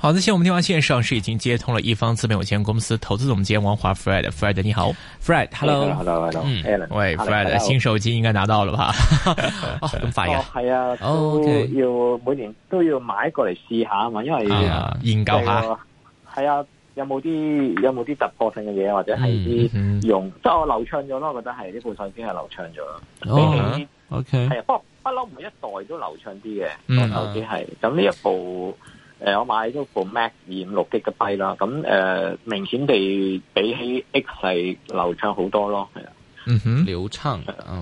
好的，現在我們電話線上是已經接通了一方資本有限公司投資總監王華 Fred，Fred 你好，Fred，Hello，Hello，hello hello e、hey, l 嗯，Alan, 喂，Fred，Alan, 新手機應該拿到了吧？咁快、 哦、呀？係、oh, 啊、okay.，都要每年都要買一個嚟試下啊嘛，因為研究下，係、uh, yeah. 啊，有冇啲有冇啲突破性嘅嘢，或者係啲用，即、mm-hmm. 係我流暢咗咯，我覺得係呢部手機係流暢咗、oh,，OK，係，不過不嬲每一代都流暢啲嘅，部手機係咁呢一部。誒、呃，我買咗部 Mac 二五六 G 嘅機啦，咁、呃、誒明顯地比起 X 係流暢好多咯，係啊。嗯哼，流暢，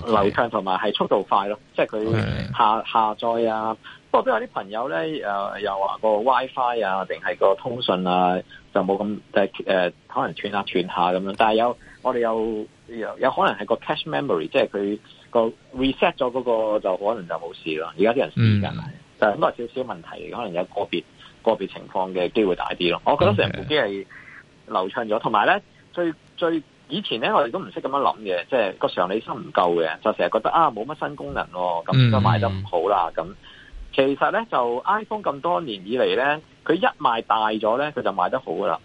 流暢同埋係速度快咯，即係佢下下載啊，啊。不過都有啲朋友咧，誒、呃、又話個 WiFi 啊，定係個通訊啊，就冇咁誒誒，可能斷下斷下咁樣。但係有我哋有有有可能係個 Cache Memory，即係佢個 reset 咗嗰個就可能就冇事咯。而家啲人試緊、嗯，但係都係少少問題，可能有個別。個別情況嘅機會大啲咯，我覺得成部機係流暢咗，同埋咧最最以前咧，我哋都唔識咁樣諗嘅，即係個常理心唔夠嘅，就成日覺得啊冇乜新功能喎、哦，咁就賣得唔好啦咁。嗯嗯，其實咧就 iPhone 咁多年以嚟咧，佢一賣大咗咧，佢就賣得好噶啦。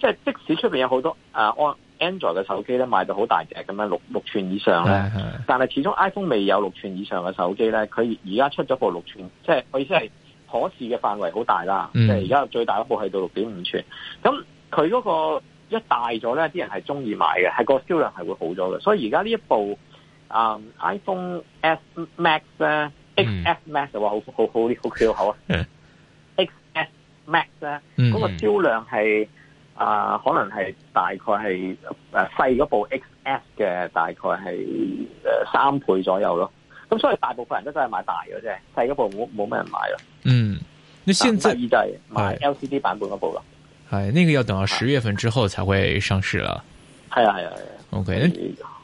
即係即使出面有好多、啊、Android 嘅手機咧，賣到好大隻咁樣，六六寸以上咧，嗯嗯，但係始終 iPhone 未有六寸以上嘅手機咧，佢而家出咗部六寸，即係我意思係。可視嘅範圍好大啦，即係而家最大一部係到六點五寸，咁佢嗰個一大咗咧，啲人係中意買嘅。係、嗯 uh, 嗯 yeah. uh, 嗯嗯那個銷量係會好咗嘅。所以而家呢一部啊 iPhone X Max 咧，XS Max 就話好好好啲好 Q 好啊，XS Max 咧，嗰個銷量係啊可能係大概係誒細嗰部 XS 嘅大概係誒三倍左右咯。咁所以大部分人都都係買大嘅啫，細嗰部冇冇咩人買咯。嗯，那現在就係買 LCD 版本嗰部咯。係、哎，那個要等到十月份之後才會上市了。係啊係啊係啊。OK，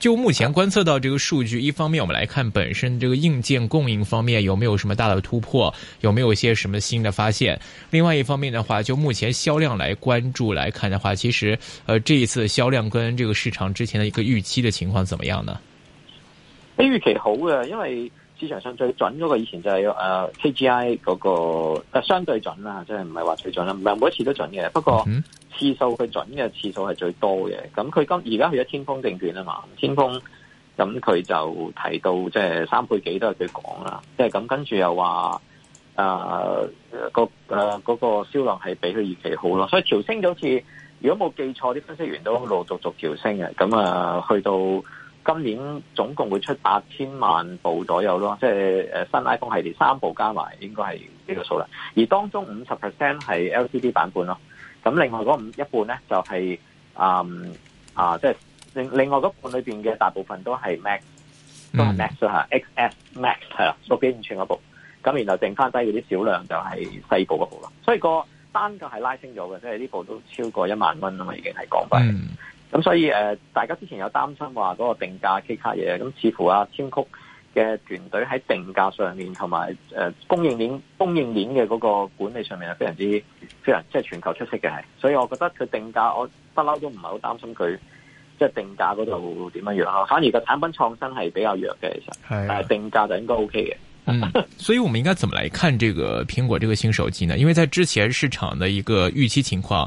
就目前觀測到這個數據，哎，一方面我們來看本身這個硬件供應方面有沒有什麼大的突破，有沒有一些什麼新的發現？另外一方面的話，就目前銷量來關注來看的話，其實，呃，這一次銷量跟這個市場之前的一個預期的情況怎麼樣呢？比預期好嘅，因為市場上最準嗰個以前就係誒 KGI 嗰，那個，誒相對準啦，即係唔係話最準啦，唔係每一次都準嘅。不過次數佢準嘅次數係最多嘅。咁佢今而家去咗天風證券啊嘛，天風，咁佢就提到即係三倍幾都係佢講啦。即係咁跟住又話誒，呃那個誒嗰，呃那個銷量係比佢預期好咯。所以調升就好似如果冇記錯，啲分析員都陸續續調升嘅。咁啊，去到。今年總共會出八千萬部左右咯，即係誒新 iPhone 系列三部加埋應該係呢個數量，而當中五十 percent 係 LCD 版本咯，咁另外嗰五一半咧就係、是、嗯啊，即係另另外嗰半裏邊嘅大部分都係 Max，、嗯、都係 Max 嚇 XS Max 係啦，六點五寸嗰部，咁然後剩翻低嗰啲少量就係細部嗰部啦，所以個單價係拉升咗嘅，即係呢部都超過一萬蚊嘛，已經係港幣。嗯。咁所以誒、呃，大家之前有擔心話嗰個定價 K 卡嘢，咁似乎啊天曲嘅團隊喺定價上面同埋誒供應鏈供應鏈嘅嗰個管理上面係非常之非常即係全球出色嘅。係所以我覺得佢定價我不嬲都唔係好擔心佢即係定價嗰度點樣樣啊，反而個產品創新係比較弱嘅，其實係但係定價就應該 O K 嘅。嗯， 所以我們應該怎麼來看這個蘋果這個新手機呢？因為在之前市場的一個預期情況。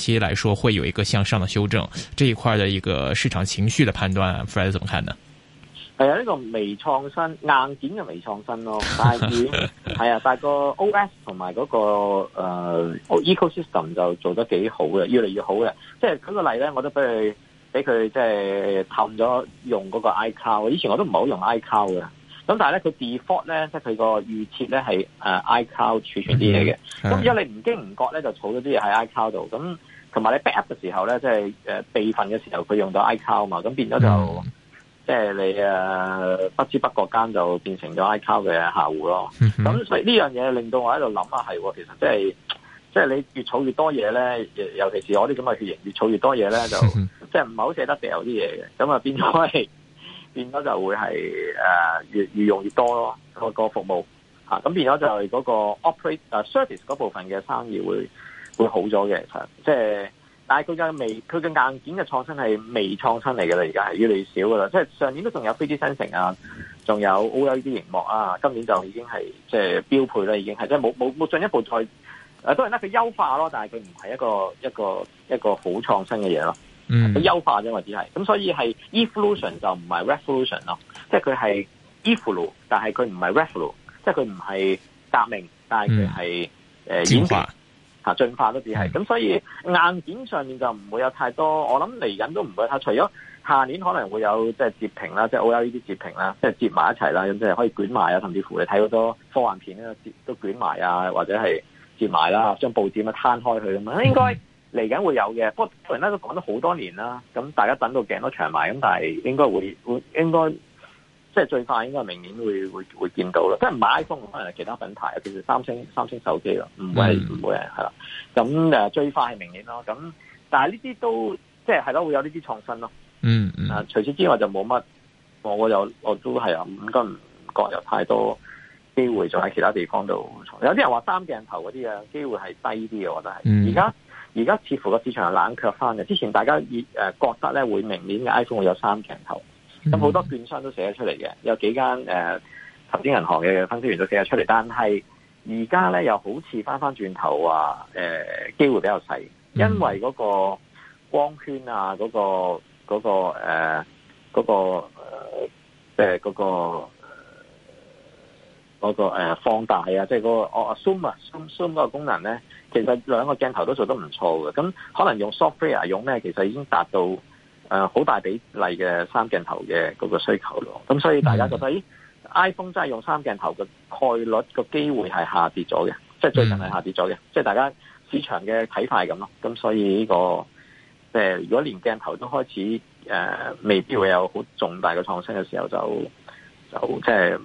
其實來說會有一個向上嘅修正，這一塊嘅一個市場情緒嘅判斷，Fred 怎麼看呢？係啊，呢個微創新硬件嘅微創新咯、哦， 但係是係 啊，但係、那個 O S 同埋嗰個誒 Ecosystem 就做得幾好嘅，越嚟越好嘅。即係嗰、舉個例咧，我都俾佢俾佢即係探咗用嗰個 iCloud，以前我都唔係好用 iCloud 嘅，咁但係咧佢 default 咧即係佢個預設咧係誒 iCloud 儲、嗯嗯嗯、存啲嘢嘅，咁如果你唔經唔覺咧就儲咗啲嘢喺 iCloud 度，咁。同埋你 backup 嘅時候咧，即係誒備份嘅時候，佢、就是、用咗 iCloud 嘛，咁變咗就即係你誒、啊、不知不覺間就變成咗 iCloud 嘅客戶咯。咁 所以呢樣嘢令到我喺度諗啊，係其實即係即係你越儲越多嘢咧，尤其是我啲咁嘅血型越儲越多嘢咧，就即係唔係好捨得掉啲嘢，嘅。咁啊變咗變咗就會係誒、呃、越越用越多咯個、那個服務吓，咁、啊、變咗就嗰個 operate 誒、uh, service 嗰部分嘅生意會。會好咗嘅，其實即係，但係佢嘅微佢嘅硬件嘅創新係微創新嚟嘅啦。而家係越嚟越少噶啦，即係上年都仲有飛機新城啊，仲有 OLED 熒幕啊，今年就已經係即係標配啦，已經係即係冇冇冇進一步再誒，當然啦，佢優化咯，但係佢唔係一個一個一個好創新嘅嘢咯，嗯，佢優化啫，或者係咁，所以係 evolution 就唔係 revolution 咯，即係佢係 evolution，但係佢唔係 revolution，即係佢唔係革命，但係佢係誒演化，嗯。進化都只係咁，所以硬件上面就唔會有太多。我諗嚟緊都唔會嚇，除咗下年可能會有即係折屏啦，即係 OLED 折屏啦，即係折埋一齊啦，咁即係可以捲埋啊，甚至乎你睇好多科幻片咧，折都捲埋啊，或者係折埋啦，將報紙啊攤開佢咁樣，應該嚟緊會有嘅。不過突然間都講咗好多年啦，咁大家等到鏡都長埋，咁但係應該會會應該即係最快應該係明年會會會見到啦，即係唔係 iPhone 可能係其他品牌，其實三星三星手機咯，唔會唔、mm. 會係啦。咁誒最快係明年咯。咁但係呢啲都即係係咯，會有呢啲創新咯。嗯、mm. 嗯、啊。除此之外就冇乜，我有，我都係啊，唔覺唔覺有太多機會，仲喺其他地方度。有啲人話三鏡頭嗰啲啊，機會係低啲嘅，我覺得係。而家而家似乎個市場係冷卻翻嘅，之前大家以誒覺得咧會明年嘅 iPhone 會有三鏡頭。咁好多券商都寫得出嚟嘅，有幾間誒投資銀行嘅分析員都寫得出嚟。但係而家咧又好似翻翻轉頭話誒、呃、機會比較細，因為嗰個光圈啊，嗰、嗰個嗰、嗰個誒嗰、呃嗰個誒即係嗰個嗰、呃嗰個嗰個嗰個呃、放大啊，即係嗰個哦 zoom 啊 zoom zoom 嗰個功能咧，其實兩個鏡頭都做得唔錯嘅，咁可能用 software 用咧，其實已經達到。誒、呃，好大比例嘅三鏡頭嘅嗰個需求咯，咁所以大家覺得、mm-hmm. 咦，iPhone 真係用三鏡頭嘅概率個機會係下跌咗嘅，即係最近係下跌咗嘅，mm-hmm. 即係大家市場嘅睇法係咁咯。咁所以呢、這個，即、呃、係如果連鏡頭都開始誒、呃，未必會有好重大嘅創新嘅時候就，就就即係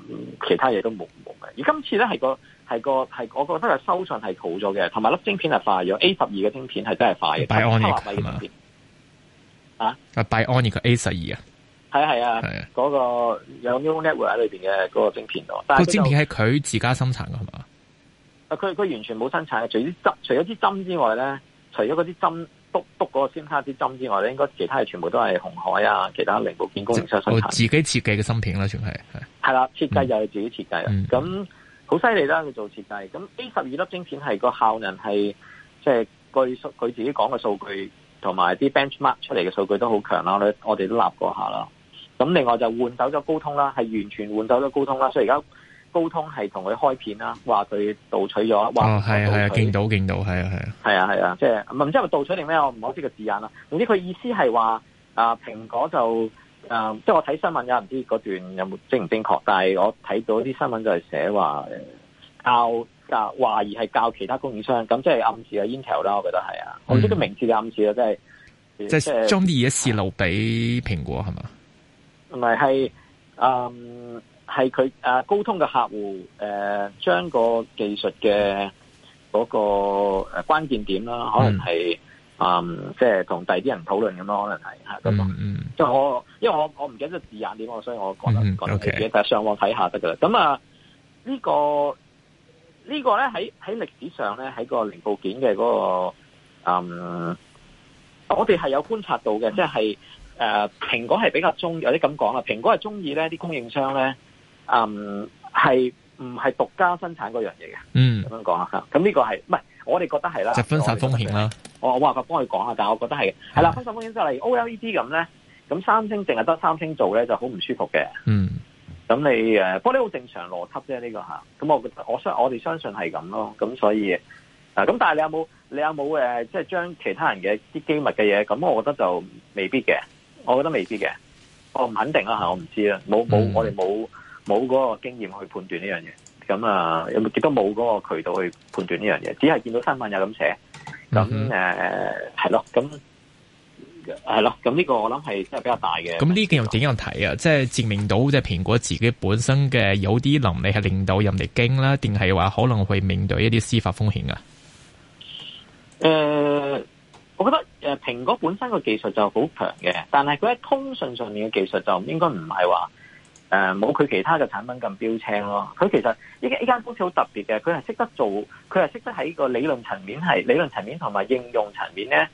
其他嘢都冇冇嘅。而今次咧係個係個係，我覺得嘅收信係好咗嘅，同埋粒晶片係快咗。A 十二嘅晶片係真係快嘅，但係我嘅啊，啊 Bionic A 十二啊，係啊係啊，係啊，嗰、啊嗰個有 Neural Network 喺裏邊嘅嗰個晶片度，個晶片係佢自家生產嘅係嘛？啊，佢佢完全冇生產除咗針，除咗啲針之外咧，除咗嗰啲針，篤篤嗰個芯片啲針之外咧，應該其他嘢全部都係紅海啊，其他零部件供應商生產，嗯就是、自己設計嘅芯片啦、啊，全係係係啦，設計就係自己設計啊，咁好犀利啦，佢做設計，咁 A 十二粒晶片係、個效能係即係據佢自己講嘅數據。同埋啲 Benchmark 出嚟嘅數據都好強啦，我哋都立過下啦。咁另外就換走咗高通啦，係完全換走咗高通啦。所以而家高通係同佢開片啦，話佢盜取咗。哦，係啊係啊，見到見到，係啊係啊，係啊係啊，即係唔知係咪盜取定咩，我唔好知個字眼啦。總之佢意思係話啊蘋果就啊，即係我睇新聞有唔知嗰段有冇正唔正確，但係我睇到啲新聞就係寫話教懷疑係教其他供應商，咁即係暗示啊 Intel 啦、嗯，我覺得係啊，我知個名字嘅暗示啊，即係即係將啲嘢洩露俾蘋果係嘛？唔係係，嗯，係佢誒高通嘅客戶誒，將、呃、個技術嘅嗰個誒關鍵點啦，可能係嗯，即係同第二啲人討論咁咯，可能係吓咁即係我，因為我我唔記得個字眼點，所以我講得講得自但睇上網睇下得噶啦。咁啊，呢、這個。這個、呢個咧喺喺歷史上咧喺個零部件嘅嗰、那個，嗯，我哋係有觀察到嘅，即係誒、呃，蘋果係比較中意，有啲咁講啦，蘋果係中意咧啲供應商咧，嗯，係唔係獨家生產嗰樣嘢嘅，嗯，咁樣講啊，咁、嗯、呢、這個係唔係我哋覺得係啦，就是、分散風險啦、啊，我我話法幫佢講啊，但係我覺得係，係啦，分散風險就例如 OLED 咁咧，咁三星淨係得三星做咧就好唔舒服嘅，嗯。咁你誒，不過你好正常邏輯啫，呢、這個吓。咁我覺得，我相我哋相信係咁咯。咁所以啊，咁但係你有冇，你有冇誒，即係將其他人嘅啲機密嘅嘢？咁我覺得就未必嘅，我覺得未必嘅。我唔肯定啦吓，我唔知啦，冇冇，mm-hmm. 我哋冇冇嗰個經驗去判斷呢樣嘢。咁啊，結果有亦都冇嗰個渠道去判斷呢樣嘢，只係見到新聞有、啊、咁寫。咁誒，係、mm-hmm. 咯、呃，咁。係咯，咁呢個我諗係真係比較大嘅。咁呢件又點樣睇啊？即係證明到即係蘋果自己本身嘅有啲能力係令到人哋驚啦，定係話可能會面對一啲司法風險啊？誒，呃，我覺得誒，蘋果本身個技術就好強嘅，但係佢喺通訊上面嘅技術就應該唔係話誒冇佢其他嘅產品咁標青咯，啊。佢其實呢呢間公司好特別嘅，佢係識得做，佢係識得喺個理論層面係理論層面同埋應用層面咧。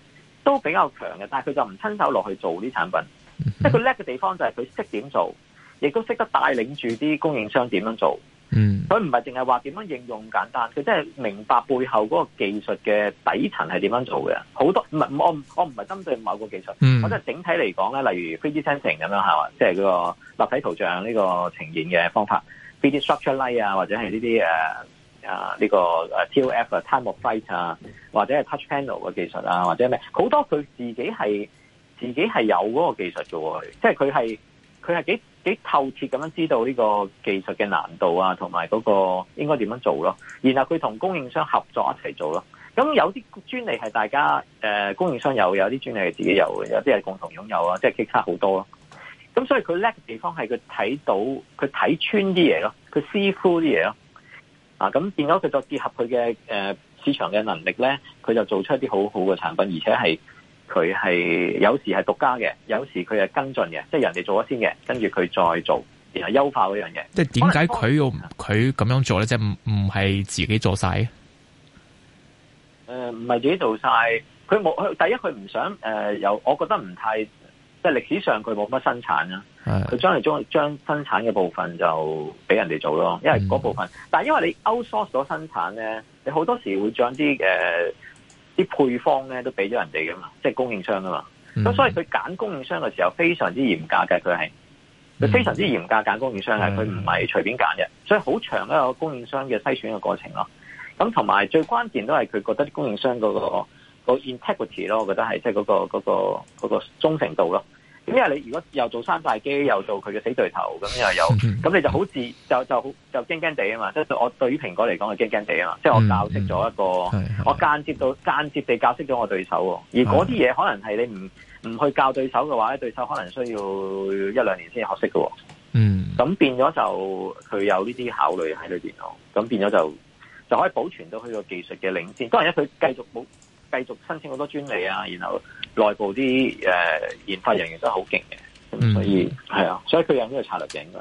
都比較強嘅，但係佢就唔親手落去做啲產品，mm-hmm. 即係佢叻嘅地方就係佢識點做，亦都識得帶領住啲供應商點樣做。嗯，佢唔係淨係話點樣應用簡單，佢真係明白背後嗰個技術嘅底層係點樣做嘅。好多唔係我我唔係針對某個技術，mm-hmm. 我即係整體嚟講咧，例如 3D sensing 咁啦嚇，即係嗰個立體圖像呢個呈現嘅方法，3D structure light 啊，或者係呢啲啊！呢、這個誒 TOF 啊，time of flight 啊，或者係 touch panel 嘅技術啊，或者咩好多佢自己係自己係有嗰個技術嘅喎，即係佢係佢係幾幾透徹咁樣知道呢個技術嘅難度啊，同埋嗰個應該點樣做咯、啊。然後佢同供應商合作一齊做咯。咁、啊、有啲專利係大家誒、呃、供應商有，有啲專利係自己有，有啲係共同擁有啊，即係激差好多咯。咁、啊、所以佢叻嘅地方係佢睇到佢睇穿啲嘢咯，佢 see through 啲嘢咯。咁變咗佢就結合佢嘅、呃、市場嘅能力咧，佢就做出一啲好好嘅產品，而且係佢係有時係獨家嘅，有時佢係跟進嘅，即係人哋做咗先嘅，跟住佢再做，然後優化嗰樣嘢。即係點解佢要佢咁樣做咧？即係唔係自己做晒？誒、呃，唔係自己做晒，佢冇佢第一，佢唔想誒。有我覺得唔太即係歷史上佢冇乜生產啊。佢將嚟將將生產嘅部分就俾人哋做咯，因為嗰部分，嗯、但係因為你 outsource 咗生產咧，你好多時會將啲誒啲配方咧都俾咗人哋噶嘛，即係供應商噶嘛。咁、嗯、所以佢揀供應商嘅時候非常之嚴格嘅，佢係佢非常之嚴格揀供應商，係佢唔係隨便揀嘅，所以好長一個供應商嘅篩選嘅過程咯。咁同埋最關鍵都係佢覺得啲供應商嗰、嗰個、嗰個 integrity 咯，我覺得係即係嗰個嗰、嗰個忠、嗰個、誠度咯。因為你如果又做山寨機又做佢嘅死對頭，咁又有咁你就好似就就就驚驚地啊嘛，即係、就是、我對於蘋果嚟講係驚驚地啊嘛，即係、嗯嗯就是、我教識咗一個、嗯嗯、我間接到間接地教識咗我對手，而嗰啲嘢可能係你唔唔去教對手嘅話咧，對手可能需要一兩年先學識嘅，嗯，咁變咗就佢有呢啲考慮喺裏邊咯，咁變咗就就可以保存到佢個技術嘅領先，當然咧佢繼續冇繼續申請好多專利啊然後。內部啲誒研發人員都好勁嘅，所以係啊，所以佢有呢個策略嘅應該。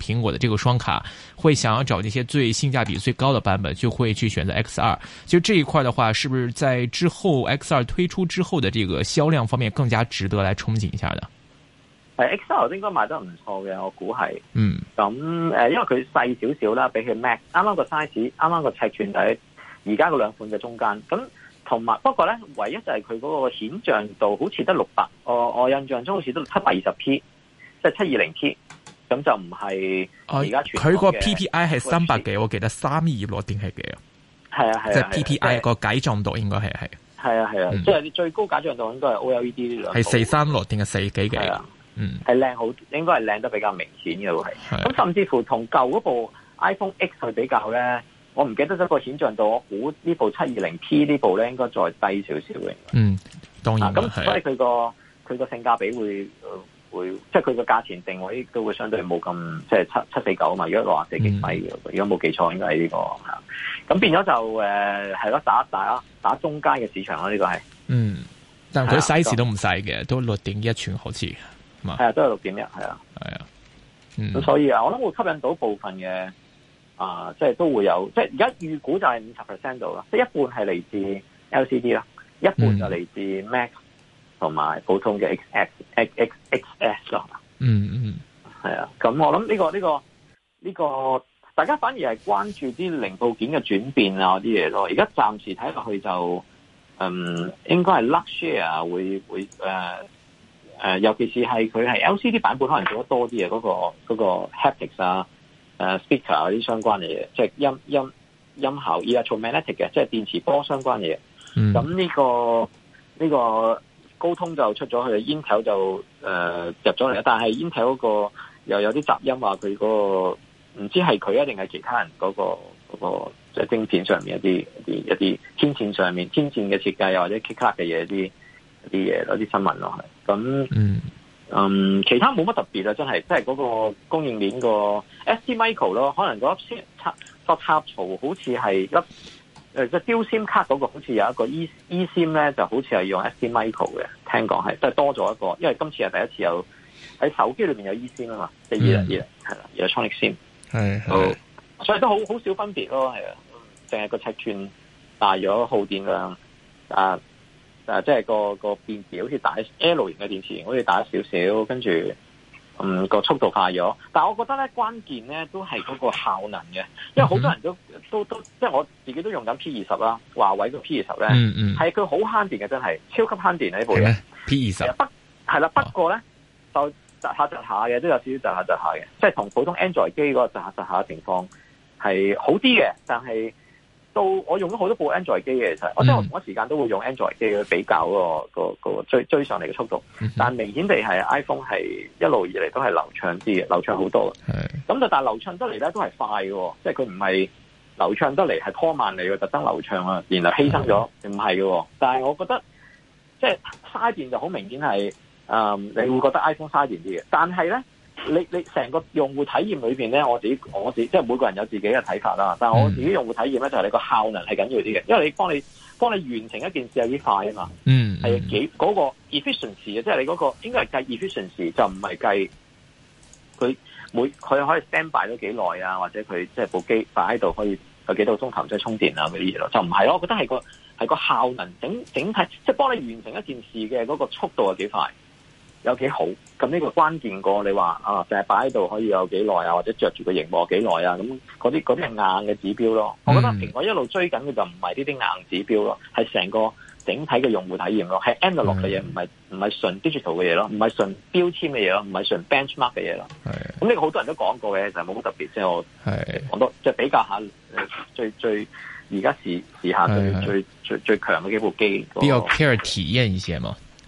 蘋果的這個雙卡會想要找那些最性價比最高的版本，就會去選擇 X 二。其實這一塊的話，是不是在之後 X 二推出之後的這個銷量方面更加值得來憧憬一下呢？誒，X 二應該賣得唔錯嘅，我估係。嗯。咁、呃、因為佢細少少啦，比起 Mac，啱啱個 size，啱啱個尺寸喺而家個兩款嘅中間。咁同埋，不過呢，唯一就係佢嗰個顯像度好似得六百，我我印象中好似都七百二十 P，即係七二零 P。咁就唔係，而家佢個 PPI 係三百幾，我記得三二六定係幾啊？係啊係啊，即、就、係、係、PPI 個解像度應該係係。係啊係啊，即係你最高解像度應該係 OLED 呢兩。係四三六定係四幾嘅，嗯，係靚好，應該係靚得比較明顯嘅會係。咁、啊啊嗯、甚至乎同舊嗰部 iPhone X 去比較咧，我唔記得咗個顯像度，我估呢部七二零 P 呢部咧應該再低少少嘅。嗯，當然，咁、啊啊、所以佢個佢個性價比會，呃會即係佢個價錢定位都會相對冇咁即係七七四九啊嘛、嗯，如果六十四幾米，如果冇記錯應該係呢、這個吓，咁變咗就誒係咯打打咯打中間嘅市場咯、啊、呢、這個係，嗯，但佢 size 都唔細嘅，都六點一吋好似，係啊，都係六點一，係啊係啊，咁、啊啊嗯、所以啊，我諗會吸引到部分嘅啊、呃，即係都會有，即係而家預估就係五十 percent 度啦，即係一半係嚟自 LCD 啦，一半就嚟自 Max、嗯同埋普通嘅 X X X X s 咯，嗯嗯，係啊，咁我諗呢、這個呢、這個呢、這個，大家反而係關注啲零部件嘅轉變啊啲嘢咯。而家、啊、暫時睇落去就，嗯，應該係 Luxshare 啊，會會誒誒，尤其是係佢係 LCD 版本，可能做得多啲嘅嗰個嗰、那個 haptics 啊，啊，speaker 啊啲相關嘅嘢，即、就、係、是、音音音效依家做 magnetic 嘅，即、就、係、是、電磁波相關嘅嘢。咁呢個呢個。這個高通就出咗去，Intel 就誒入咗嚟，但係 Intel 嗰個又有啲雜音話佢嗰個唔知係佢啊定係其他人嗰、嗰個嗰、嗰個即係晶片上面一啲一啲一啲天線上面天線嘅設計又或者 kick up 嘅嘢啲啲嘢啲新聞囉。咁嗯嗯其他冇乜特別啦，真係即係嗰個供應鏈、嗰個 ST Michael 咯，可能嗰啲插插槽好似係一。誒，即係標籤卡嗰個好似有一個 E E SIM 咧，就好似係用 S D Micro 嘅，聽講係，即係多咗一個，因為今次係第一次有喺手機裏面有 E SIM 啊嘛，即係 E 啦 E 啦，係啦，有充電 SIM 係好，所以都好好少分別咯，係啊，淨係個尺寸大咗，耗電量啊啊，即、啊、係、就是、個個電池好似大 L 型嘅電池好似大咗少少，跟住。嗯，個速度快咗，但係我覺得咧關鍵咧都係嗰個效能嘅，因為好多人都都、mm-hmm. 都，即係我自己都用緊 P 二十啦，華為個 P 二十咧，係佢好慳電嘅，真係超級慳電呢部嘢。P 二十不係啦，不過咧就窒下窒下嘅，都有少少窒下窒下嘅，即係同普通 Android 機嗰個窒下窒下嘅情況係好啲嘅，但係。到我用咗好多部 Android 機嘅，其、嗯、實我即係同一時間都會用 Android 機去比較、那個個、那個追追上嚟嘅速度、嗯，但明顯地係 iPhone 係一路以嚟都係流暢啲嘅、哦，流暢好多。咁就但係流暢得嚟咧都係快嘅，即係佢唔係流暢得嚟係拖慢嚟嘅，特登流暢啊、哦，然後犧牲咗唔係嘅。但係我覺得即係嘥電就好明顯係，嗯、呃、你會覺得 iPhone 嘥電啲嘅，但係咧。你你成個用戶體驗裏邊咧，我自己我自己即係每個人有自己嘅睇法啦。但係我自己用戶體驗咧，就係你個效能係緊要啲嘅，因為你幫你幫你完成一件事有幾快啊嘛。嗯，係幾嗰個 efficiency 即係你嗰個應該係計 efficiency，就唔係計佢每佢可以 stand by 咗幾耐啊，或者佢即係部機擺喺度可以有幾多鐘頭即係充電啊啲嘢咯。就唔係咯，我覺得係個係個效能整整體，即係幫你完成一件事嘅嗰個速度係幾快。有幾好？咁呢個關鍵個你話啊，淨係擺喺度可以有幾耐啊，或者着住個螢幕幾耐啊？咁嗰啲啲係硬嘅指標咯。嗯，我覺得蘋果一路追緊嘅就唔係呢啲硬指標咯，係成個整體嘅用戶體驗咯，係 analogue 嘅嘢，唔係唔係純 digital 嘅嘢咯，唔係純標籤嘅嘢咯，唔係純 benchmark 嘅嘢咯。係。咁呢個好多人都講過嘅，其實冇、是、乜特別。即係我係講多，即係比較下最最，最下最最而家時時下最最最最強嘅幾部機。比較 care 體驗一些嘛？